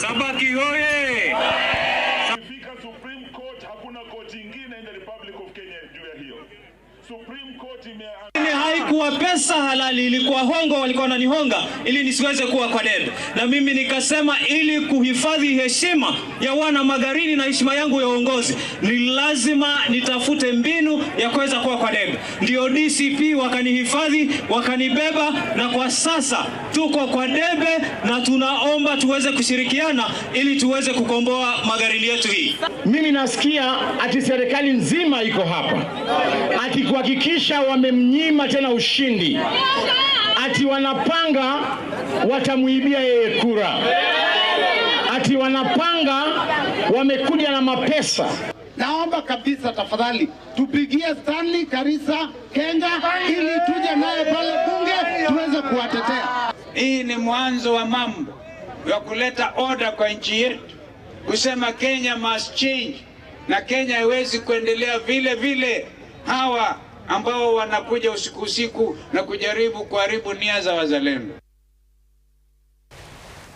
Sabaki oye! Fika Supreme Court, hakuna koti ingine in the Republic of Kenya juu ya hiyo haikuwa pesa halali, ilikuwa hongo, walikuwa wananihonga ili nisiweze kuwa kwa debe, na mimi nikasema ili kuhifadhi heshima ya wana Magarini na heshima yangu ya uongozi ni lazima nitafute mbinu ya kuweza kuwa kwa debe. Ndio DCP wakanihifadhi, wakanibeba, na kwa sasa tuko kwa debe na tunaomba tuweze kushirikiana ili tuweze kukomboa Magarini yetu hii. Mimi nasikia ati serikali nzima iko hapa ati kwa kuhakikisha wamemnyima tena ushindi, ati wanapanga watamwibia yeye kura, ati wanapanga wamekuja na mapesa. Naomba kabisa tafadhali, tupigie Stanley Karisa Kenga ili tuje naye pale bunge tuweze kuwatetea. Hii ni mwanzo wa mambo ya kuleta oda kwa nchi yetu, kusema Kenya must change na Kenya haiwezi kuendelea vile vile hawa ambao wanakuja usiku usiku na kujaribu kuharibu nia za wazalendo.